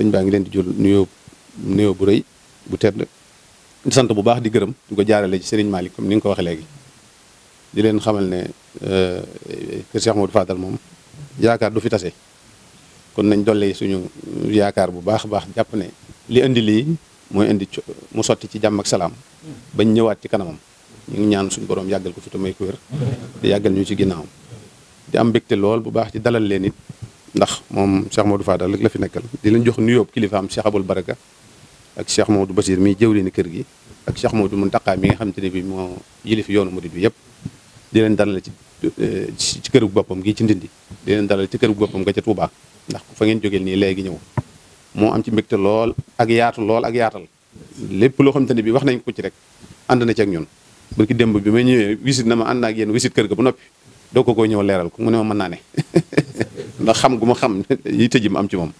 sëñ baa ngi leen di jul nuyo nuyoo bu rëy bu tedd di sant bu baax di gërëm di ko jaarale ci Serigne Malick comme ni nga ko waxee léegi di leen xamal ne euh, kër Cheikh moom yaakaar du fi tase kon nañ dolli suñu yaakaar bu baax baax jàpp ne li indi lii mooy indi mu sotti ci jàmm ak salaam bañ ñëwaat ci kanamam ñu ngi ñaan suñu borom yàggal ko fi te may ko wér yàggal ñu ci ginnaaw di am mbégte lool bu baax ci dalal leen it ndax moom Cheikh Modou Fadal rek la fi nekkal di leen jox nuyoo kilifaam Cheikh Aboul Baraka ak Cheikh Modou Bachir mi jëwriñu kër gi ak Cheikh mu Mountakha mi nga xamante ne bii moo yilif yoonu murid bi yëpp di leen dalal ci ci kër gu boppam gi ci Ndindi di leen dalal ci kër gu boppam ga ca Touba ndax fa ngeen jógee nii léegi ñëw moo am ci mbégte lool ak yaatu lool ak yaatal lépp loo xamante ne bii wax nañ ko ci rek ànd na ci ak ñun barki démb bi may ñëwee wisit na ma ànd na ak yéen wisit kër ga ba noppi doo ko koy ñëw leeral ko mu ne mën naa ne xam gu ma xam yitte ji am ci moom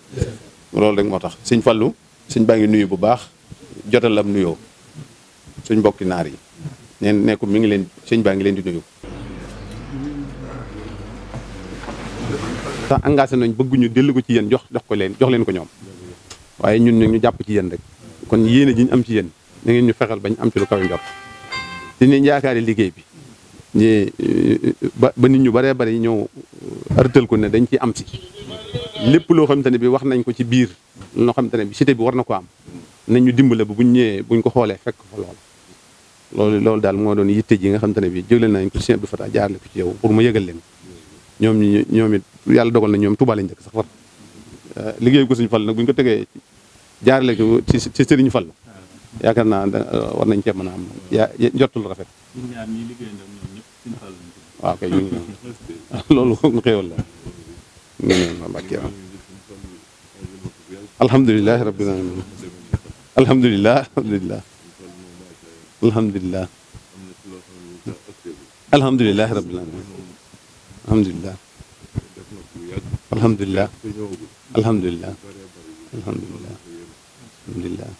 loolu rek moo tax sëñ Fallu suñ baa ngi nuyu bu baax jotal am nuyoo suñ mbokki naar yi neen nekku mi ngi leen sëñ baa ngi leen di nuyu sax engagé nañ bëgguñu dellu ko ci yéen jox jox ko leen jox leen ko ñoom waaye ñun ñu ñu jàpp ci yéen rek kon yéene ji am ci yéen na ngeen ñu fexeel bañ am ci lu kawe njort dinañ yaakaari liggéey bi ba nit ñu baree bari ñëw xarital ko ne dañ ci am si lépp loo xamante ne bi wax nañ ko ci biir loo xamante ne bi cité bi war na ko am nañ ñu dimbale ba buñ ñëwee buñ ko xoolee fekk fa loolu loolu daal moo doon yitte ji nga xamante ne bi jógle nañ ko Sëñ Abdou Fatah jaarale ko ci yow pour ma yëgal leen ñoom ñi ñoom it yàlla dogal na ñoom Tuubaa lañ dëkk sax far euh, liggéey ko suñu fal nag buñ ko tegee jaarale ko ci ci sëriñ fal yaakaar naa euh, war nañ cee mën a am yaa jotul rafet waaw kay ñu ngi noonu loolu moom xéwal la ñu ngi noonu Mbàkke waaw alhamdulilah rabbil alamin alhamdulilah alhamdulilah alhamdulilah alhamdulilah rabbil alamin alhamdulilah alhamdulilah alhamdulilah alhamdulilah alhamdulilah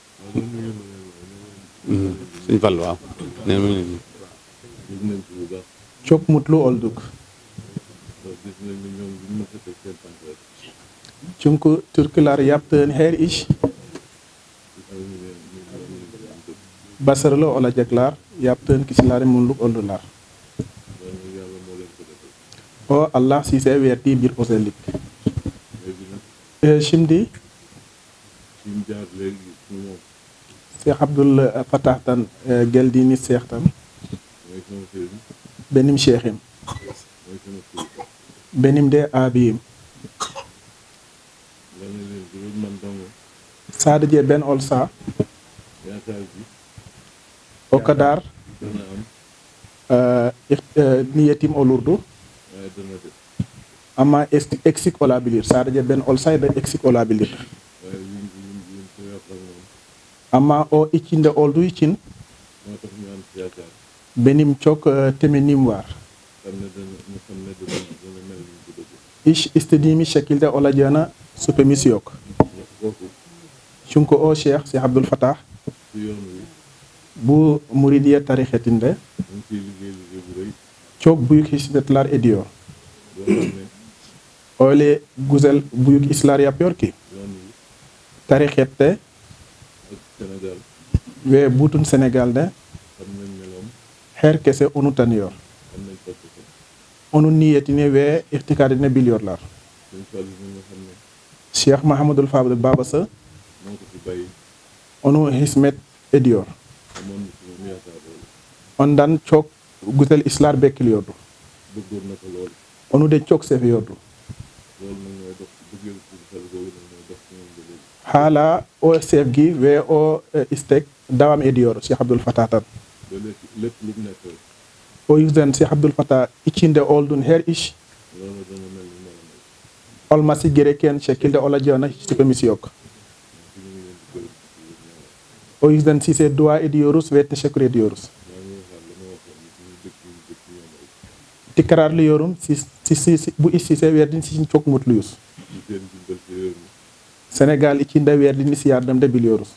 hmm. suñ fàll waaw nee Çok mutlu olduk. Çünkü Türkler yaptığın her iş başarılı olacaklar. Yaptığın kişileri mutlu oldular. O Allah size verdiği bir özellik. Ee, şimdi Şeyh Abdül Fatah'tan e, geldiğiniz Şeyh'tan benim cheikhim benim de abiyim saada je ben olsa o kadar e, e, niyetim olurdu ama eksik olabilir sadece ben olsaydı eksik olabilir ama o içinde olduğu için benim çok e, temennim var. İş istediğimiz şekilde olacağına şüphemiz yok. Çünkü o Şeyh Şeyh Abdul Fatah bu Muridiye tarihinde çok büyük hizmetler ediyor. Öyle güzel büyük işler yapıyor ki tarihette ve bütün Senegal'de herkese onu taniyor onu niyetine ve ihtikadine biliyorlar. Cheikh Mahamadul Fadil babası onu hizmet ediyor. Ondan çok güzel işler bekliyordu. Onu da çok seviyordu. Hala o sevgi ve o istek devam ediyor Cheikh Abdul Fatah'tan. Or you then say Abdul Fatah, ichinde oldun her ish. Almasi gereken şekilde olacağına hiç şüphemiz yok. O yüzden size dua ediyoruz ve teşekkür ediyoruz. Tekrarlıyorum, siz, siz, siz, bu iş size verdiğiniz ci çok mutluyuz. Senegal içinde verdiğiniz yardımda biliyoruz.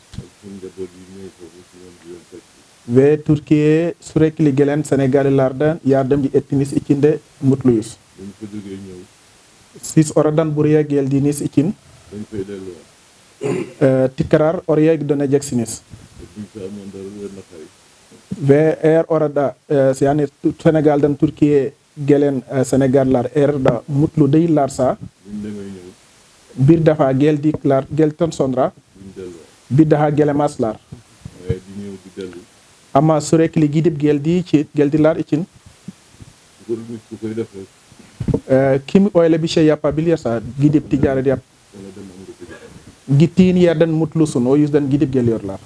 ve Türkiye sürekli gelen Senegallilerden yardım ettiğiniz için de mutluyuz. Siz oradan buraya geldiğiniz için e, tekrar oraya döneceksiniz. ve eğer orada e, yani Senegal'den Türkiye'ye gelen e, Senegalliler da mutlu değillerse bir defa geldikler geldikten sonra bir daha gelemezler. Amma surräkli gidib geldi ki geldiler için e, eh, kim öyle bir şey yapabiliyorsa gidip ticaret yap. Gittiğin yerden mutlusun. O yüzden gidip geliyorlar.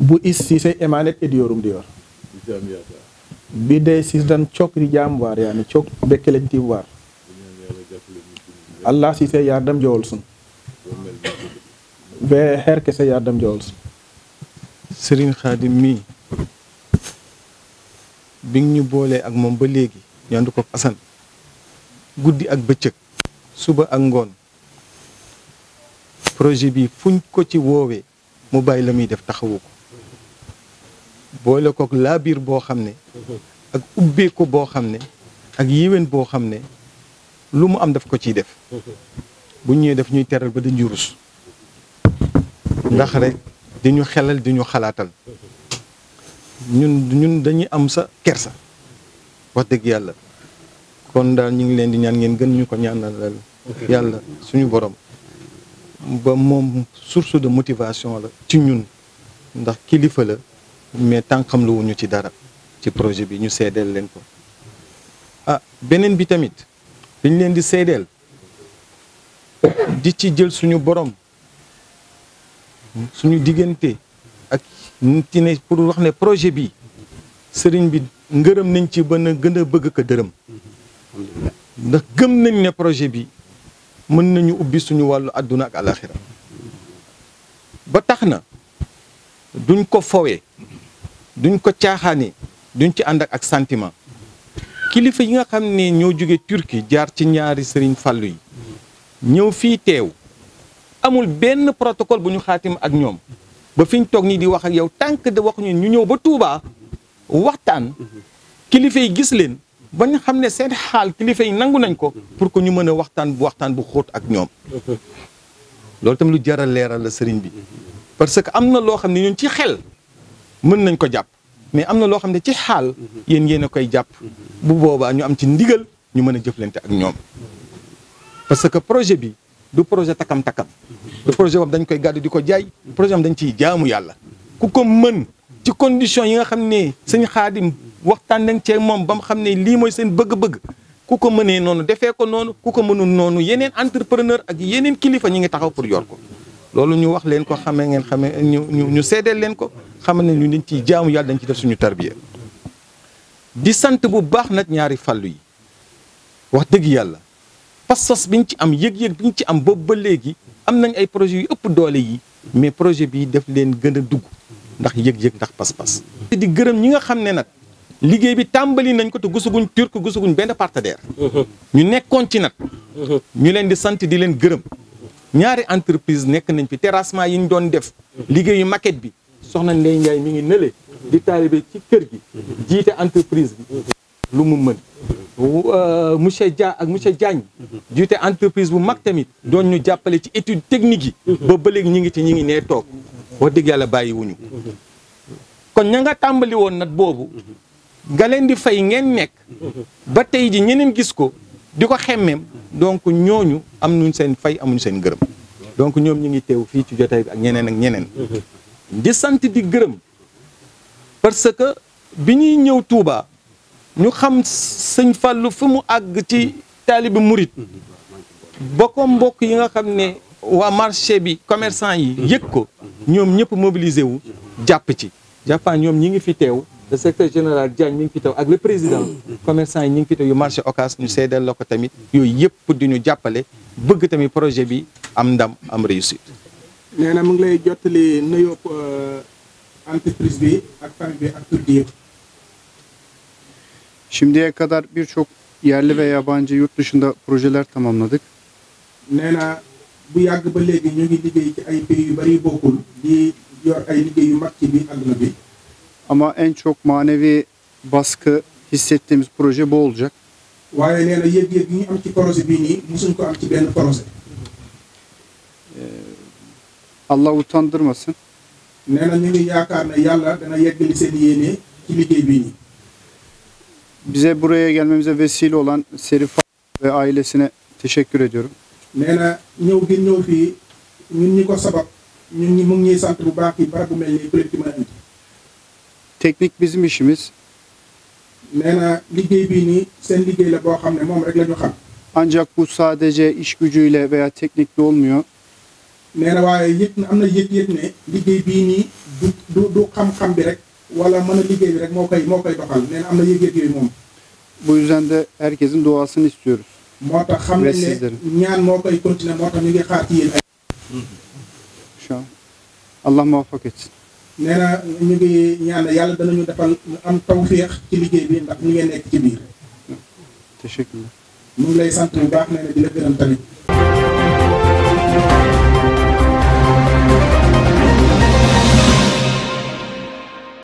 Bu iş size emanet ediyorum diyor. Bir de sizden çok ricam var yani çok beklentim var. Allah size yardımcı olsun. Ve herkese yardımcı olsun. Serigne Khadim mii bi ñu boolee ak moom ba léegi ñu ko Assane guddi ak bëccëg suba ak ngoon projet bi fuñ ko ci woowee mu bàyyi la muy def taxawu ko boole kook laa biir boo xam ne ak ubbeeku boo xam ne ak yéwén boo xam ne lu mu am daf ko ciy def mm-hmm. bu ñëwee daf ñuy teral ba di njurus ndax rek di ñu xelal di ñu xalaatal ñun ñun dañuy am sa kersa wax dëgg yàlla kon daal ñu ngi leen di ñaan ngeen gën ñu ko ñaanalal yàlla suñu borom ba moom source de motivation la ci ñun ndax kilifa la mais tànkam lu wuñu ci dara ci projet bi ñu seedeel leen ko ah beneen bi tamit dañ leen di seedeel di ci jël suñu borom suñu diggante ak ci ne pour wax ne projet bi sëriñ bi ngërëm nañ ci ba na gën a bëgg ko dërëm ndax gëm nañ ne projet bi mën nañu ubbi suñu wàllu àdduna ak alaxira ba tax na duñ ko fowee duñ ko caaxaane duñ ci ànd ak santiment kilifa yi nga xam ne ñoo jóge turki jaar ci ñaari sëriñ fàllu yi ñëw fii teew amul benn protocole bu ñu xaatim ak ñoom ba fi ñu toog nii di wax ak yow tànk de waxuñu ñun ñu ñëw ba Touba waxtaan kilifa yi gis leen ba ñu xam ne seen xaal kilifa yi nangu nañ ko pour que ñu mën a waxtaan bu waxtaan bu xóot ak ñoom loolu tam lu jaral leeral la sëriñ bi parce que am na loo xam ne ñun ci xel mën nañ ko jàpp mais am na loo xam ne ci xaal yéen yéen a koy jàpp bu boobaa ñu am ci ndigal ñu mën a jëflante ak ñoom parce que projet bi du projet takam takam du projet boobu dañ koy gàddu di ko jaay projet am dañ ciy jaamu yàlla ku ko mën ci condition yi nga xam ne sëñ xaadim waxtaan nañ cee moom ba mu xam ne lii mooy seen bëgg-bëgg ku ko mënee noonu defee ko noonu ku ko mënul noonu yeneen entrepreneur ak yeneen kilifa ñi ngi taxaw pour yor ko loolu ñu wax leen ko xamee ngeen xamee ñu ñu ñu seedeel leen ko xamal ne ñu dañ ciy jaamu yàlla dañ ci def suñu tarbiya di sant bu baax nag ñaari fàllu yi wax dëgg yàlla pas-pas biñ ci am yëg-yëg biñ ci am boobu ba léegi am nañ ay projet yu ëpp doole yi mais projet bi def leen gën a dugg ndax yëg-yëg ndax pas-pas di gërëm ñi nga xam ne nag liggéey bi tàmbali nañ ko te gusuguñ turc gusuguñ benn partenaire mm-hmm. ñu nekkoon ci nag mm-hmm. ñu leen di sant di leen gërëm ñaari entreprise nekk nañ fi terrassement yi ñu doon def mm-hmm. liggéeyu maquette bi soxna Ndeye Ndiaye mi ngi nële di taalibe ci kër gi jiite entreprise bi lu mu mën Euh, monsieur Dia ak monsieur Diagne mhm. jiite entreprise bu mag tamit doon ñu jàppale ci étude technique yi mhm. ba ba léegi ñi ngi ci ñi ngi nee toog mhm. wax dëgg yàlla bàyyi wuñu kon ña nga tàmbali woon nag boobu nga leen di fay ngeen nekk ba tey ji ñeneen gis ko di ko xemmeem donc ñooñu am nuñ seen fay amuñ seen gërëm donc ñoom ñu ngi teew fii ci jotaay ak ñeneen ak ñeneen di sant di gërëm parce que bi ñuy ñëw Touba ñu xam sëñ Fallou fi mu àgg ci taalibi murit bokko mbokk yi nga xam ne waa marché bi commerçant yi yëg ko ñoom ñëpp mobiliser wu jàpp ci jàppaan ñoom ñi ngi fi teew le secrétaire général Diagne mi ngi fi teew ak le président commerçant yi ñi ngi fi teew yu marché Ocass ñu seedal la ko tamit yooyu yëpp di ñu jàppale bëgg tamit projet bi am ndam am réussite nee mu ngi lay jottali nuyoo euh, entreprise bi ak famille bi Şimdiye kadar birçok yerli ve yabancı yurt dışında projeler tamamladık. nee na bu yàgg ba léegi ñu ngi liggéey ay pays yu bari bokkul di yor ay liggéey yu mag ci biir àdduna bi. Ama en çok manevi baskı hissettiğimiz proje bu olacak. waaye nee na yëg-yëg yi ñu am ci projet bii nii musuñ ko am ci benn projet. Allah utandırmasın. nee na ñu ngi yaakaar ne yàlla dana yeggali seen yéene ci liggéey bii nii. bize buraya gelmemize vesile olan Serif ve ailesine teşekkür ediyorum. nee na ñëw gi ñëw fii ñun ñi ko sabab ñun ñi mu ngi ñuy sant bu baax yi barab bu mel nii peut-être teknik bizim işimiz. nee na liggéey bii nii seen liggéey la boo xam ne moom rek la ñu xam. ancak bu sadece iş gücüyle veya teknikle olmuyor. nee na waaye yëg na am na yëg-yëg ne liggéey bii nii du du du xam bi rek. wala man a liggéey bi rek moo koy moo koy doxal nee am na yëg-yëg yooyu moom. bu yüzden de herkesin duasını istiyoruz. moo tax xam ne ñaan moo koy continuer moo tax ñu ngi xaar ci yéen ay. incha allah muvaffak etsin. nee na ñu ngi ñaan yàlla danañu defal am tawféex ci liggéey bi ndax ñu ngi nekk ci biir. teşekkürler. ñu ngi lay sant bu baax nee na di la gërëm